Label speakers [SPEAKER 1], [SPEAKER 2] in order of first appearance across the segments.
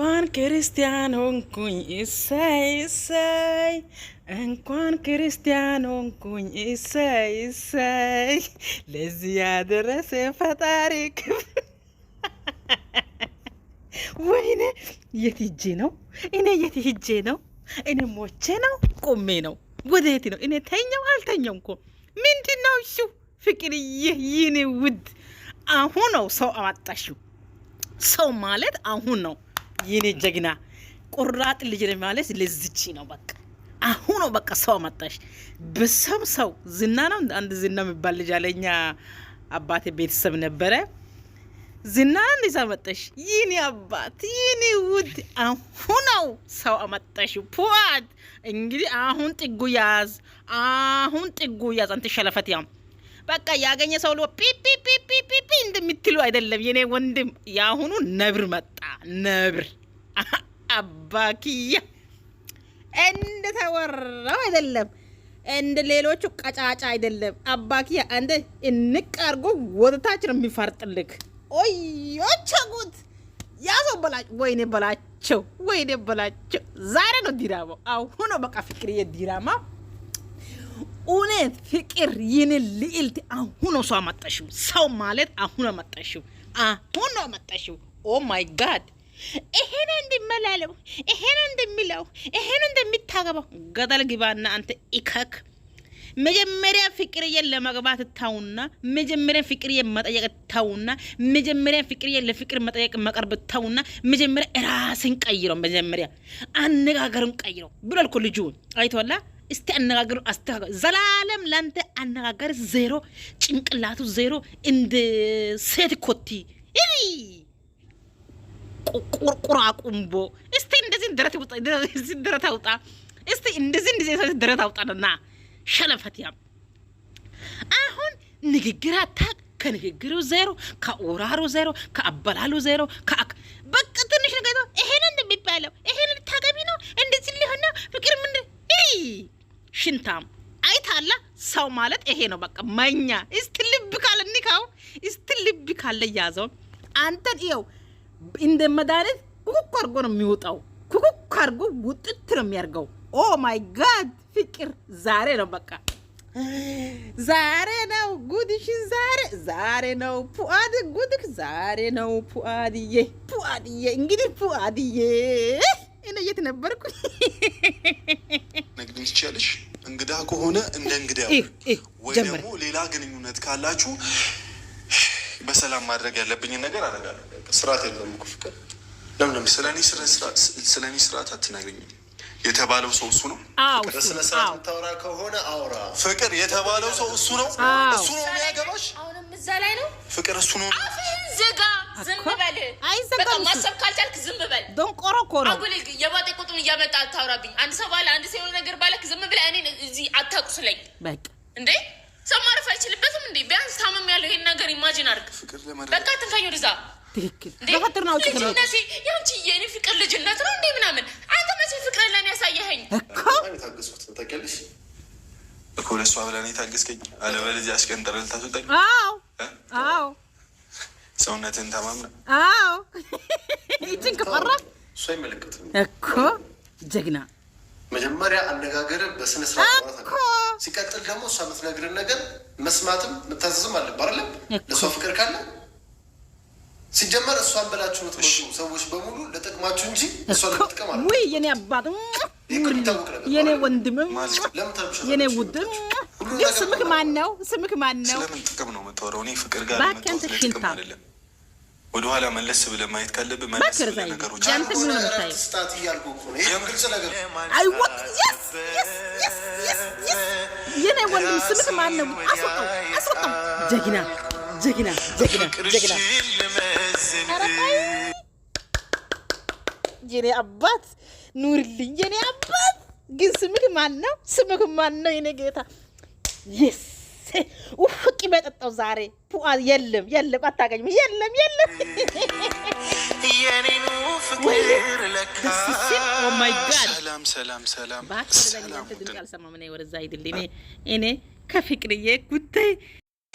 [SPEAKER 1] እንኳን ክርስቲያን ሆንኩኝ እሰይ እሰይ፣ እንኳን ክርስቲያን ሆንኩኝ እሰይ እሰይ፣ ለዚህ ያደረሰ ፈጣሪ ክብር። ወይኔ የት ሂጄ ነው እኔ? የት ሂጄ ነው እኔ? ሞቼ ነው ቆሜ ነው ወደየት ነው እኔ? ተኛው አልተኛውም እኮ ምንድን ነው እሱ? ፍቅርዬ የኔ ውድ አሁን ነው ሰው አመጣሽው። ሰው ማለት አሁን ነው የኔ ጀግና ቁራጥ ልጅ ማለት ለዝቺ ነው። በቃ አሁኑ በቃ ሰው አመጣሽ። በሰም ሰው ዝና ነው አንድ ዝና የሚባል ልጅ አለኛ አባቴ ቤተሰብ ነበረ። ዝና ነው እንደዛ አመጣሽ። ይኔ አባት ይኔ ውድ አሁነው ሰው አመጣሽ። ፖዋት እንግዲህ አሁን ጥጉ ያዝ፣ አሁን ጥጉ ያዝ። አንተ ሸለፈት ያም በቃ ያገኘ ሰው ሎ ፒፒፒፒፒ እንደምትሉ አይደለም የኔ ወንድም፣ የአሁኑ ነብር መጣ። ነብር አባክያ እንደ ተወራው አይደለም፣ እንደ ሌሎቹ ቀጫጫ አይደለም። አባክያ እንደ እንቅ አድርጎ ወደታች ነው የሚፈርጥልክ። ኦዮች ጉድ ያሰው በላጭ ወይኔ በላቸው፣ ወይኔ በላቸው። ዛሬ ነው ዲራማው። አሁን ነው በቃ ፍቅርዬ ዲራማ እውነት ፍቅር ይህን ልዕልት አሁን ሰው አመጣሽው። ሰው ማለት አሁን አመጣሽው፣ አሁን ነው አመጣሽው። ኦ ማይ ጋድ ይሄን እንዲመላለው ይሄን እንደሚለው ይሄን እንደሚታገባው ገደል ግባና አንተ ኢከክ። መጀመሪያ ፍቅርዬ ለመግባት ታውና፣ መጀመሪያ ፍቅርዬ መጠየቅ ታውና፣ መጀመሪያ ፍቅርዬን ለፍቅር መጠየቅ መቀርብ ታውና፣ መጀመሪያ ራስን ቀይሮ፣ መጀመሪያ አነጋገርን ቀይሮ ብሏል እኮ ልጁ አይቶላ። እስቲ አነጋገሩ አስተካከል። ዘላለም ላንተ አነጋገር ዜሮ፣ ጭንቅላቱ ዜሮ፣ እንደ ሴት ኮቲ ቁርቁራ ቁምቦ እስቲ እንደዚህ ደረት ውጣ፣ አውጣ፣ እስቲ እንደዚህ እንደዚህ ደረት አውጣና ያም አሁን ንግግር አታውቅ። ከንግግሩ ዜሮ፣ ከኡራሩ ዜሮ፣ ከአበላሉ ዜሮ። በቃ ትንሽ ነገር ይሄንን እንደሚባለው ይሄንን ልታገቢ ነው እንደዚህ ሊሆን ነው ፍቅር ምን ሽንታም አይታላ ሰው ማለት ይሄ ነው። በቃ መኛ እስቲ ልብ ካለ ንካው፣ እስቲ ልብ ካለ ያዘው አንተን ይኸው እንደ መድኃኒት ኩኩክ አድርጎ ነው የሚወጣው። ኩኩክ አድርጎ ውጥት ነው የሚያርገው። ኦ oh ማይ ጋድ ፍቅር ዛሬ ነው በቃ ዛሬ ነው ጉድሽን፣ ዛሬ ዛሬ ነው ፑአድ ጉድክ፣ ዛሬ ነው ፑአድዬ፣ ፑአድዬ እንግዲህ ፑአድዬ እኔ የት ነበርኩ?
[SPEAKER 2] ነግድም ትችያለሽ። እንግዳ ከሆነ እንደ እንግዳ ወይ ደግሞ ሌላ ግንኙነት ካላችሁ በሰላም ማድረግ ያለብኝን ነገር አደርጋለሁ። ስርዓት የለም እኮ ፍቅር። ለምን ስለ እኔ ስርዓት አትናገኝም? የተባለው ሰው እሱ ነው። ስነ ስርዓት የምታወራ ከሆነ አውራ። ፍቅር የተባለው ሰው እሱ ነው። እሱ ነው የሚያገባሽ።
[SPEAKER 3] አሁንም እዛ ላይ ነው ፍቅር። እሱ ነው። አፍህን ዝጋ። ዝም በል። በቃ ማሰብ ካልቻልክ ዝም በል። ደንቆሮ እኮ ነው። አጉል የባጤ እያመጣ አታውራብኝ። አንድ ሰው ባለ አንድ ሰው የሆነ ነገር ባለክ ዝም ብለህ እዚህ አታቁስለኝ። በቃ እንዴ ሰው ማረፍ አይችልበትም እንዴ? ቢያንስ ታመም ያለው ይሄን ነገር ኢማጂን አድርግ ፍቅር ለማድረግ በቃ ትንፈኝ ወደዛ
[SPEAKER 1] ትክክል በፈጥር ነው ጥቅም
[SPEAKER 3] ነው ነሲ ያንቺ የኔ ፍቅር ልጅነት ነው እንዴ ምናምን አንተ መቼ ፍቅር ለኔ ያሳየኸኝ
[SPEAKER 1] እኮ
[SPEAKER 2] እኮ ለሷ ብለህ ነው የታገስከኝ አለበለዚያ አሽቀንጠር ልታስወጣኝ
[SPEAKER 1] አዎ አዎ
[SPEAKER 2] ሰውነትን ተማምነ
[SPEAKER 1] አዎ ይችን ከፈራ
[SPEAKER 2] እሷ አይመለከትም
[SPEAKER 1] እኮ ጀግና
[SPEAKER 2] መጀመሪያ አነጋገር በስነ ስርዓት፣ ሲቀጥል ደግሞ እሷ የምትነግርን ነገር መስማትም መታዘዝም አለብህ አለ ለእሷ ፍቅር ካለ ሲጀመር እሷን በላችሁ ምትመጡ ሰዎች በሙሉ ለጥቅማችሁ እንጂ እሷ ለመጥቀም
[SPEAKER 1] አለ። የኔ አባት፣ የኔ ወንድም፣ የኔ ውድም ስምክ ማን ነው? ስምክ ማን
[SPEAKER 2] ነው? ስለምን ጥቅም ነው የምታወራው? እኔ ፍቅር ጋር
[SPEAKER 1] ለጥቅም አይደለም
[SPEAKER 2] ወደ ኋላ መለስ ብለህ ማየት ካለብህ
[SPEAKER 1] መለስ ብለህ ነገሮች የኔ ወንድም ስምህ ማን ነው? አስወጣው፣ አስወጣው። ጀግና፣ ጀግና፣ ጀግና፣ ጀግና። የኔ አባት ኑርልኝ፣ የኔ አባት ግን ስምህ ማን ነው? ስምህ ማን ነው? የኔ ጌታ የስ ውፍቅ ይመጠጣው ዛሬ ፉአድ የለም፣ የለም፣ አታገኝም፣ የለም፣ የለም። oh
[SPEAKER 2] ሰላም ሰላም
[SPEAKER 1] ሰላም፣ ወደዛ ሂድልኝ እኔ ከፍቅርዬ ጉዳይ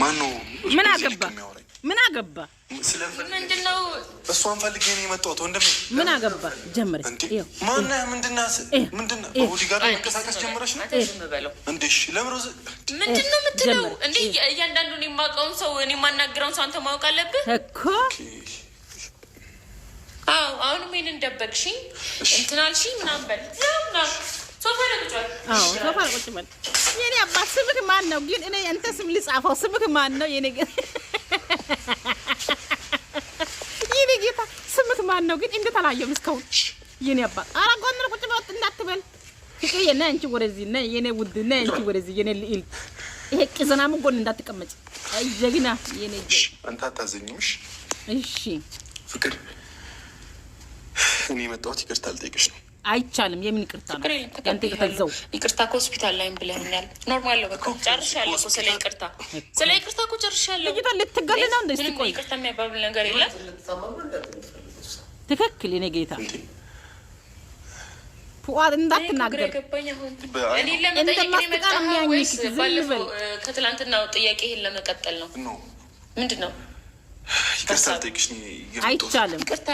[SPEAKER 1] ማነው? ምን አገባ? ምን አገባ?
[SPEAKER 3] ምንድነው?
[SPEAKER 2] እሷን ፈልጌ ነው የመጣሁት። ወንድሜ
[SPEAKER 1] ምን አገባ? ጀምረሽ
[SPEAKER 2] ማነህ? ምንድናስ? ምንድነው? ቦዲጋርድ መንቀሳቀስ ጀምረሽ ነው? እንዴሽ ለምን
[SPEAKER 3] ምንድነው የምትለው? እንዴ እያንዳንዱን የማውቀውን ሰው እኔ የማናግረውን ሰው አንተ ማወቅ አለብህ እኮ። አዎ አሁንም ይሄንን ደበቅሽኝ፣ እንትናልሽኝ ምናምን በል ሶፋ
[SPEAKER 1] ላይ ቁጭ በል። የኔ አባት ስምህ ማን ነው ግን? እኔ ያንተ ስም ልጻፈው። ስምህ ማን ነው? የኔ ግን የኔ ጌታ ስምህ ማን ነው ግን? እንዴት አላየሁም እስካሁን። የኔ አባት ኧረ ጎን ቁጭ በል እንዳትበል። ፍቅር የኔ አንቺ ወደዚህ ነይ፣ የኔ ውድ ነይ አንቺ ወደዚህ የኔ ልዕልት። ይሄ ቅዘናም ጎን እንዳትቀመጭ። አይ ጀግና የኔ
[SPEAKER 2] አንተ አታዘኝምሽ። እሺ ፍቅር፣ እኔ የመጣሁት ይቅርታ ልጠይቅሽ ነው
[SPEAKER 1] አይቻልም። የምን ይቅርታ ነው?
[SPEAKER 3] ይቅርታ ከሆስፒታል ላይም ብለኛል። ኖርማል ነው። በቃ ጨርሻለሁ እኮ ስለ ይቅርታ ስለ ይቅርታ እኮ ጨርሻለሁ።
[SPEAKER 1] ልትገል ነው እንደ
[SPEAKER 3] ይቅርታ የሚያባብል ነገር የለም።
[SPEAKER 1] ትክክል የኔ ጌታ ፉአድ እንዳትናገር
[SPEAKER 2] እንደማትቀር
[SPEAKER 1] የሚያኝክ ዝም
[SPEAKER 3] ከትላንትናው ጥያቄ ይሄን ለመቀጠል ነው ምንድን ነው
[SPEAKER 2] ይቅርታ ልጠይቅሽ
[SPEAKER 1] አይቻልም።
[SPEAKER 3] ይቅርታ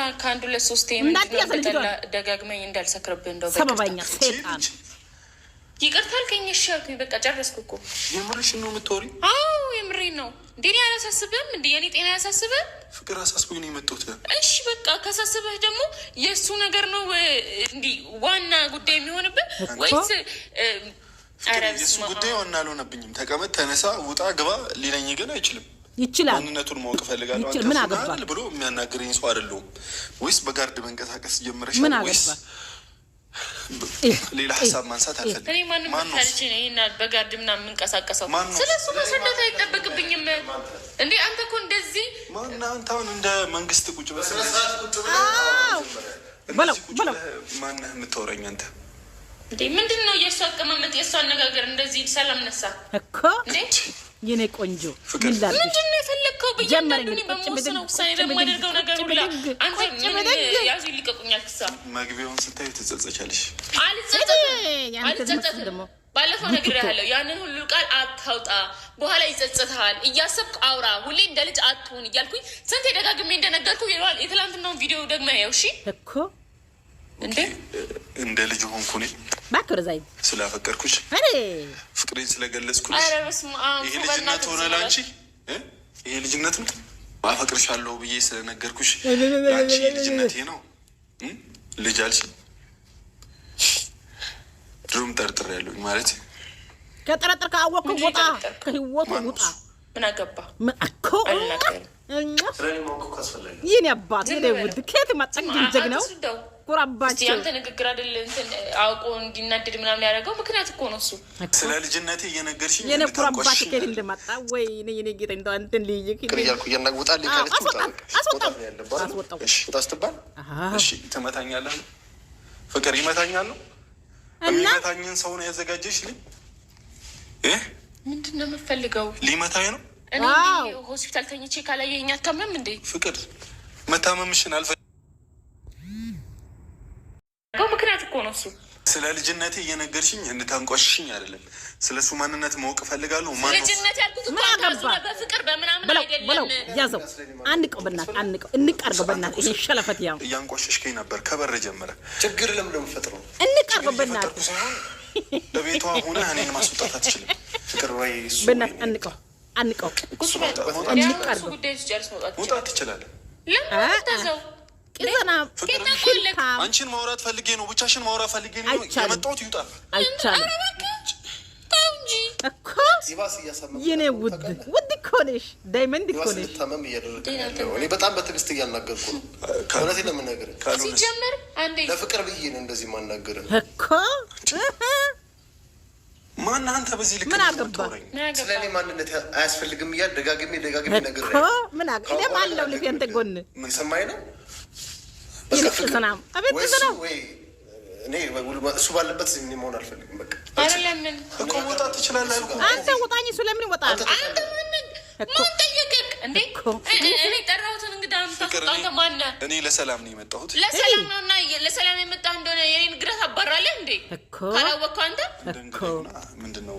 [SPEAKER 3] ደጋግመኝ እንዳልሰክርብህ እንደው በቃ ጨረስኩ እኮ።
[SPEAKER 2] የምርሽን ነው የምታወሪው?
[SPEAKER 3] አዎ የምሬን ነው። እንዴ አላሳስብህም? የኔ ጤና አያሳስብህም?
[SPEAKER 2] ፍቅር አሳስቦኝ ነው የመጣሁት።
[SPEAKER 3] እሺ በቃ ከሳስበህ ደግሞ የእሱ ነገር ነው እንዲ ዋና ጉዳይ የሚሆንብህ ወይስ
[SPEAKER 2] የእሱ ጉዳይ ዋና አልሆነብኝም። ተቀመጥ፣ ተነሳ፣ ውጣ፣ ግባ ሊለኝ ግን አይችልም። ይችላል ማንነቱን ማወቅ እፈልጋለሁ። ምን አገባል ብሎ የሚያናግረኝ ሰው አይደለሁም ወይስ በጋርድ መንቀሳቀስ ጀምረሽ ምን አገባ? ሌላ ሀሳብ ማንሳት አልፈልግም።
[SPEAKER 3] እኔ ማንም ታልች ይህና በጋርድ ምናምን የምንቀሳቀሰው ስለ እሱ መሰረት አይጠበቅብኝም። እንዴ አንተ እኮ እንደዚህ
[SPEAKER 2] እናንተ አሁን እንደ መንግስት ቁጭ በስነስርዓት ቁጭ የምታወራኝ አንተ?
[SPEAKER 3] እንዴ ምንድን ነው የእሷ አቀማመጥ የእሷ አነጋገር እንደዚህ ሰላም ነሳ
[SPEAKER 1] እኮ የኔ ቆንጆ
[SPEAKER 2] ምንድን
[SPEAKER 3] ነው የፈለግከው? ብያንዳንዱን ነገር ክሳ
[SPEAKER 2] መግቢያውን ስታይ ትጸጸቻለሽ።
[SPEAKER 3] ባለፈው ነግሬሃለሁ። ያንን ሁሉ ቃል አታውጣ፣ በኋላ ይጸጸታል። እያሰብክ አውራ፣ ሁሌ እንደ ልጅ አትሁን እያልኩኝ ስንቴ ደጋግሜ እንደነገርኩ ሄደዋል። የትላንትናውን ቪዲዮ ደግመህ ያው እሺ
[SPEAKER 1] እኮ
[SPEAKER 2] እንደ ልጅ ሆንኩ እባክህ ወደ እዛ ሂድ። ስላፈቀርኩሽ ፍቅሬን ስለገለጽኩሽ ይሄ ልጅነት ሆነ ላንቺ ይሄ ልጅነት ነው። አፈቅርሻለሁ ብዬ ስለነገርኩሽ ላንቺ ልጅነቴ ነው። ልጅ አልሽ ድሮም ጠርጥሬያለሁ ማለት
[SPEAKER 1] ከጠረጠር ከአወቅኩ ውጣ፣ ከህይወቱ ውጣ። ምን አገባ ይህን አባት ውድ ኬት ማጠግንጀግ ነው ኮራባቸው።
[SPEAKER 3] አንተ ንግግር አይደል አውቆ እንዲናደድ ምናምን ያደረገው ምክንያት እኮ ነው እሱ።
[SPEAKER 2] ስለ
[SPEAKER 1] የኔ ኮራባት እንደመጣ ወይ ጌታ አንተን ልይይ አስወጣው
[SPEAKER 2] እሺ ትመታኛለህ። ፍቅር ይመታኛል ነው የሚመታኝን ሰው ነው
[SPEAKER 3] ምንድን ነው የምፈልገው? ሊመታኝ ነው። እኔ ሆስፒታል ተኝቼ አታምም እንዴ?
[SPEAKER 2] ፍቅር መታመምሽን አልፈ
[SPEAKER 3] ምክንያት እኮ ነው እሱ።
[SPEAKER 2] ስለ ልጅነቴ እየነገርሽኝ እንድታንቋሽሽኝ አይደለም። ስለ እሱ ማንነት ማወቅ እፈልጋለሁ።
[SPEAKER 3] ልጅነት ያልኩት በፍቅር በምናምን
[SPEAKER 1] አይደለም። ያዘው አንቀው፣ በእናትህ አንቀው፣ እንቀርገው፣ በእናትህ ይሄ ሸለፈት ያው
[SPEAKER 2] እያንቋሸሽከኝ ነበር። ከበር ጀመረ ችግር ለምንድን ነው የምፈጥረው?
[SPEAKER 1] እንቀርገው፣ በእናትህ
[SPEAKER 2] በቤቷ ሆነ እኔን ማስወጣት አትችልም። ፍቅር ወይ
[SPEAKER 1] በእናትህ አንቀው፣ አንቀው፣
[SPEAKER 3] እንቀርገው፣
[SPEAKER 2] መውጣት ትችላለህ።
[SPEAKER 3] ለምን ታዘው
[SPEAKER 1] ቅዘና
[SPEAKER 2] አንቺን ማውራት ፈልጌ ነው። ብቻሽን ማውራት ፈልጌ ነው። የመጣሁት ይውጣ
[SPEAKER 3] አይቻልም
[SPEAKER 1] ውድ ውድ እኮ ነሽ፣ ዳይመንድ እኮ ነሽ።
[SPEAKER 2] እኔ በጣም በትዕግስት እያናገርኩ ነው። ከእውነቴ ነው የምነግርህ። ለፍቅር ብዬ ነው እንደዚህ የማናገርህ እኮ ማን አንተ በዚህ ልክ ምን አገባ? ስለ እኔ ማንነት አያስፈልግም እያል ደጋግሜ ደጋግሜ ነገር
[SPEAKER 1] ምን አለው ልቤ አንተ ጎን ምን ሰማኝ ነው ዝናም
[SPEAKER 2] እኔ እሱ ባለበት መሆን አልፈልግም።
[SPEAKER 3] በቃ ለምን
[SPEAKER 2] እኮ ትችላለህ።
[SPEAKER 1] አንተ ውጣኝ፣ እሱ ለምን ይወጣል?
[SPEAKER 3] አንተ ምን እንዴ? እኔ ጠራሁትን ማነ?
[SPEAKER 2] እኔ ለሰላም ነው የመጣሁት።
[SPEAKER 3] ለሰላም ነው እና ለሰላም የመጣ እንደሆነ የኔን እንዴ? ካላወቅከው
[SPEAKER 2] አንተ ምንድን ነው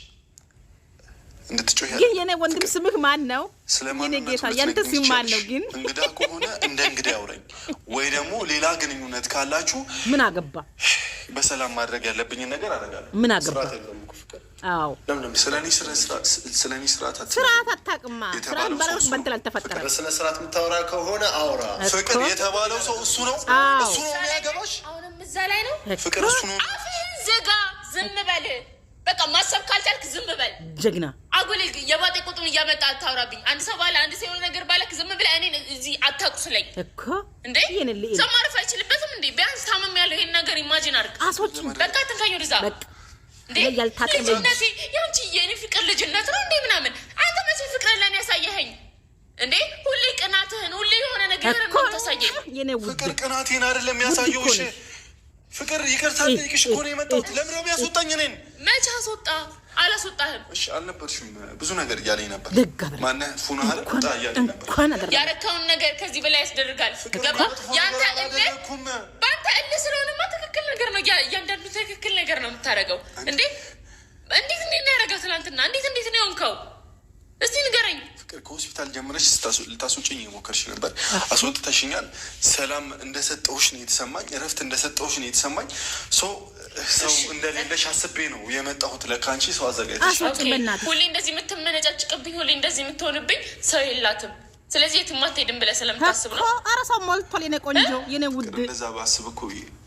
[SPEAKER 2] እንድትጮህ ያለ
[SPEAKER 1] የኔ ወንድም ስምህ ማን ነው? የኔ ጌታ ያንተ ስም ማን ነው? ግን
[SPEAKER 2] እንግዳ ከሆነ እንደ እንግዳ ያውረኝ፣ ወይ ደግሞ ሌላ ግንኙነት ካላችሁ ምን አገባ። በሰላም ማድረግ ያለብኝን ነገር አደርጋለሁ።
[SPEAKER 1] ምን አገባ። አዎ
[SPEAKER 2] ስለኔ ስርዓት ስርዓት
[SPEAKER 1] አታውቅማ። ስርዓት ባለውስ በእንትን አልተፈጠረም።
[SPEAKER 2] በስነ ስርዓት የምታወራ ከሆነ አውራ። ፍቅር የተባለው ሰው እሱ ነው፣ እሱ ነው የሚያገባሽ።
[SPEAKER 3] አሁንም እዛ ላይ ነው ፍቅር፣ እሱ ነው። አፍህን ዝጋ፣ ዝም በል በቃ። ማሰብ ካልቻልክ ዝም በል ጀግና አጉል የባጤ ቁጥሩን እያመጣ አታውራብኝ። አንድ ሰው ባለ አንድ ሰው የሆነ ነገር ባለክ ዝም ብለህ እኔን እዚህ አታቁስለኝ እኮ እንዴ። ሰው ማረፍ አይችልበትም እንዴ? ቢያንስ ታመም ያለው ይሄን ነገር ኢማጂን አድርግ። አሶች በቃ ትንፋኝ ወደዛ ልጅነቴ ያንቺ የኔ ፍቅር ልጅነት ነው እንዴ ምናምን። አንተ መቼ ፍቅር ለን ያሳየኸኝ እንዴ? ሁሌ ቅናትህን ሁሌ የሆነ ነገር
[SPEAKER 1] ነው ታሳየኝ። ፍቅር
[SPEAKER 2] ቅናቴን አይደለም ያሳየውሽ ፍቅር ይቅርታ ጠይቅሽ እኮ ነው የመጣሁት። ለምን ነው የሚያስወጣኝ? እኔን
[SPEAKER 3] መቼ አስወጣ? አላስወጣህም።
[SPEAKER 2] እሺ አልነበርሽም። ብዙ ነገር እያለኝ ነበር። ማነህ ፉናል
[SPEAKER 1] ቁጣ እያለኝ ነበር።
[SPEAKER 3] ያረካውን ነገር ከዚህ በላይ ያስደርጋል። ገባ? ያንተ እልህ በአንተ እልህ ስለሆነማ ትክክል ነገር ነው። እያንዳንዱ ትክክል ነገር ነው የምታደርገው። እንዴት እንዴት ነው ያደረገው? ትናንትና እንዴት እንዴት ነው የሆንከው? እስቲ ንገረኝ።
[SPEAKER 2] ፍቅር ከሆስፒታል ጀምረሽ ልታስወጭኝ የሞከርሽ ነበር፣ አስወጥተሽኛል። ሰላም እንደሰጠውሽ ነው የተሰማኝ፣ እረፍት እንደሰጠውሽ ነው የተሰማኝ። ሰው ሰው እንደሌለሽ አስቤ ነው የመጣሁት። ለካንቺ ሰው አዘጋጅ።
[SPEAKER 3] ሁሌ እንደዚህ የምትመነጫጭቅብኝ፣ ሁሌ እንደዚህ የምትሆንብኝ ሰው የላትም ስለዚህ የትም አትሄድም ብለህ ስለምታስብ
[SPEAKER 1] ነው። ኧረ ሰው ሞልቷል። የኔ ቆንጆ፣ የኔ ውድ
[SPEAKER 2] እንደዛ ባስብ እኮ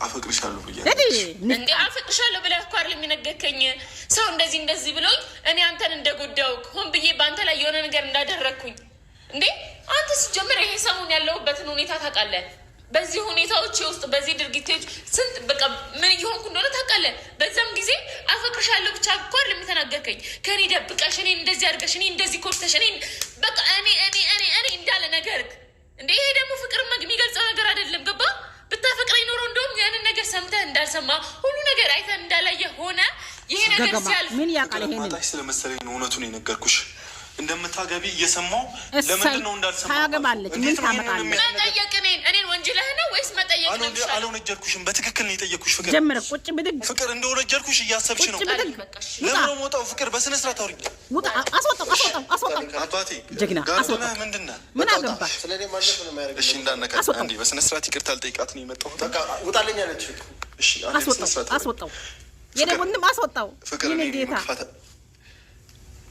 [SPEAKER 2] አፈቅርሻለሁ
[SPEAKER 1] ብያለሁ።
[SPEAKER 3] እንደ አፈቅርሻለሁ ብለህ እኮ አይደል የሚነገርከኝ ሰው እንደዚህ እንደዚህ ብሎኝ እኔ አንተን እንደጎዳው ሆን ብዬ በአንተ ላይ የሆነ ነገር እንዳደረግኩኝ እንዴ አንተ ሲጀምር ይሄ ሰሞን ያለሁበትን ሁኔታ ታውቃለህ። በዚህ ሁኔታዎች ውስጥ በዚህ ድርጊቶች ስንት በቃ ምን እየሆንኩ እንደሆነ ታውቃለህ። በዛም ጊዜ አፈቅርሻለሁ ብቻ እኮ አይደለም የተናገርከኝ ከኔ ደብቀሽ፣ እኔ እንደዚህ አድርገሽ፣ እኔ እንደዚህ ኮርተሽ፣ እኔ በቃ እኔ እኔ እኔ እኔ እንዳለ ነገር እንደ ይሄ ደግሞ ፍቅር የሚገልጸው ነገር አይደለም። ገባ ብታፈቅረኝ ኖሮ እንደውም ያንን ነገር ሰምተህ እንዳልሰማ ሁሉ ነገር አይተህ እንዳላየ ሆነ ይሄ ነገር
[SPEAKER 1] ሲያልፍ ምን ያውቃል።
[SPEAKER 2] ይሄ ስለመሰለኝ እውነቱን የነገርኩሽ። እንደምታገቢ እየሰማው ለምንድን ነው እንዳልሰማ?
[SPEAKER 1] ታገባለች። ምን ታመጣለች? ምን
[SPEAKER 3] ጠየቅ? እኔን እኔን ወንጀልህ ነው ወይስ መጠየቅ
[SPEAKER 2] ነው? አልወነጀልኩሽም። በትክክል ነው የጠየቅኩሽ።
[SPEAKER 1] ፍቅር ጀምረ ቁጭ ብድግ
[SPEAKER 2] ፍቅር እንደወነጀልኩሽ እያሰብሽ ነው። ለምሮ ወጣው? ፍቅር በስነ ስርዓት አውሪ።
[SPEAKER 1] ውጣ! አስወጣው! አስወጣው! አስወጣው! አባቴ ጀግና
[SPEAKER 2] አስወጣው። ምንድን ነህ?
[SPEAKER 1] ምን አገባ? ማለት
[SPEAKER 2] አገባህ? እሺ እንዳነካ አንዴ በስነ ስርዓት ይቅርታ ልጠይቃት ነው የመጣሁት። ውጣልኝ አለች። እሺ
[SPEAKER 1] አስወጣው! አስወጣው! ወንድም አስወጣው። የኔ ጌታ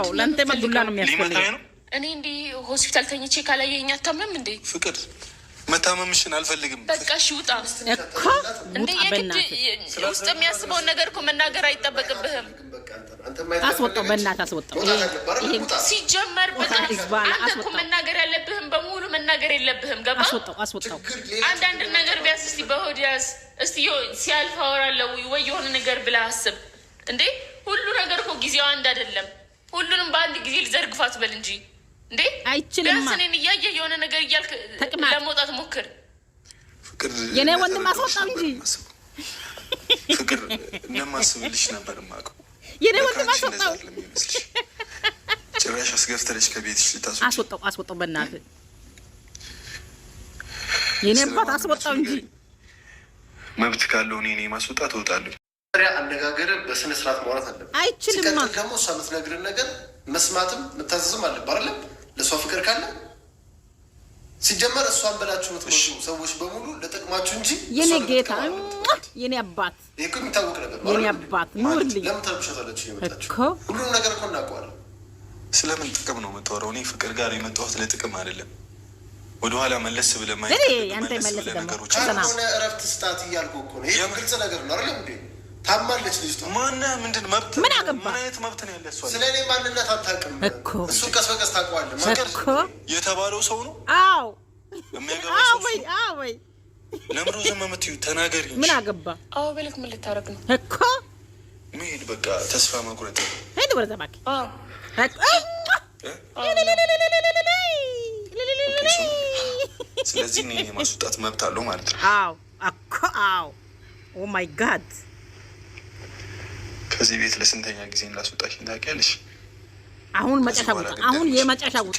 [SPEAKER 1] አዎ ለአንተማ መዱላ ነው
[SPEAKER 2] የሚያስፈልገው።
[SPEAKER 3] እኔ እንደ ሆስፒታል ተኝቼ ካላየኸኝ አታምም እንዴ?
[SPEAKER 2] ፍቅር መታመምሽን
[SPEAKER 3] አልፈልግም። በቃ እሺ ውጣ እኮ እንደ የግድ ውስጥ የሚያስበውን ነገር እኮ መናገር አይጠበቅብህም።
[SPEAKER 1] አስወጣው፣ በእናትህ አስወጣው።
[SPEAKER 3] ሲጀመር በቃ አንተ እኮ መናገር ያለብህም በሙሉ መናገር የለብህም። ገባ?
[SPEAKER 1] አስወጣው፣ አስወጣው።
[SPEAKER 3] አንዳንድ ነገር ቢያስ እስቲ በሆድ ያዝ እስቲ ሲያልፍ አወራለሁ ወይ የሆነ ነገር ብለህ አስብ እንዴ። ሁሉ ነገር እኮ ጊዜው አንድ አይደለም። ሁሉንም በአንድ ጊዜ ልዘርግፋት በል እንጂ እንዴ አይችልም። እኔን እያየ የሆነ ነገር እያልክ ለመውጣት ሞክር።
[SPEAKER 1] የኔ ወንድም አስወጣ
[SPEAKER 2] እንጂ ፍቅር እንደማስብልሽ ነበር የማውቀው።
[SPEAKER 1] የኔ ወንድም አስወጣው
[SPEAKER 2] ጭራሽ አስገፍተለች ከቤትሽ ልታስ
[SPEAKER 1] አስወጣው አስወጣው፣ በእናትህ የኔ አባት አስወጣው እንጂ
[SPEAKER 2] መብት ካለው እኔ ማስወጣት እወጣለሁ መጀመሪያ አነጋገር በስነ ስርዓት ማውራት አለብን። አይችልም። ደግሞ እሷ የምትነግርን ነገር መስማትም መታዘዝም አለብህ አለም ለእሷ ፍቅር ካለ ሲጀመር እሷን በላችሁ ምትመሹ ሰዎች በሙሉ ለጠቅማችሁ እንጂ
[SPEAKER 1] የኔ ጌታ የኔ አባት
[SPEAKER 2] ይህ የሚታወቅ ነገር
[SPEAKER 1] የኔ አባት ኑርልኝ።
[SPEAKER 2] ለምን ተረብሻታለች? እየመጣችሁ ሁሉንም ነገር እኮ እናውቀዋለን። ስለምን ጥቅም ነው የምታወራው? እኔ ፍቅር ጋር የመጣሁት ለጥቅም አይደለም። ወደኋላ መለስ ብለህ
[SPEAKER 1] ማየት ነገሮች
[SPEAKER 2] እረፍት ስጣት እያልኩ እኮ ነው። ይህ ግልጽ ነገር ነው አይደለም እንዴ ታማለች ልጅቷ። ማነህ? ምንድን መብት ምን አገባ? ምን አይነት መብት ነው ያለ? እሷ ስለ እኔ ማንነት አታውቅም እኮ። እሱ ቀስ በቀስ ታውቀዋለህ። እኮ። የተባለው ሰው ነው። አዎ፣ የሚያገባ
[SPEAKER 1] ሰው ወይ? አዎ ወይ?
[SPEAKER 2] ለምዶ ዝም የምትዩ ተናገሪ።
[SPEAKER 1] ምን አገባ?
[SPEAKER 3] አዎ በልክ። ምን ልታረግ ነው
[SPEAKER 1] እኮ?
[SPEAKER 2] ምን በቃ ተስፋ መቁረጥ።
[SPEAKER 1] ሄድ ወደ ዘማክ።
[SPEAKER 3] አዎ
[SPEAKER 2] ስለዚህ እኔ የማስወጣት መብት አለው ማለት
[SPEAKER 1] ነው። አዎ አዎ። ኦ ማይ ጋድ
[SPEAKER 2] ከዚህ ቤት ለስንተኛ ጊዜ እንዳስወጣሽ ታውቂያለሽ?
[SPEAKER 1] አሁን መጨረሻ ውጣ። አሁን የመጨረሻ ውጣ።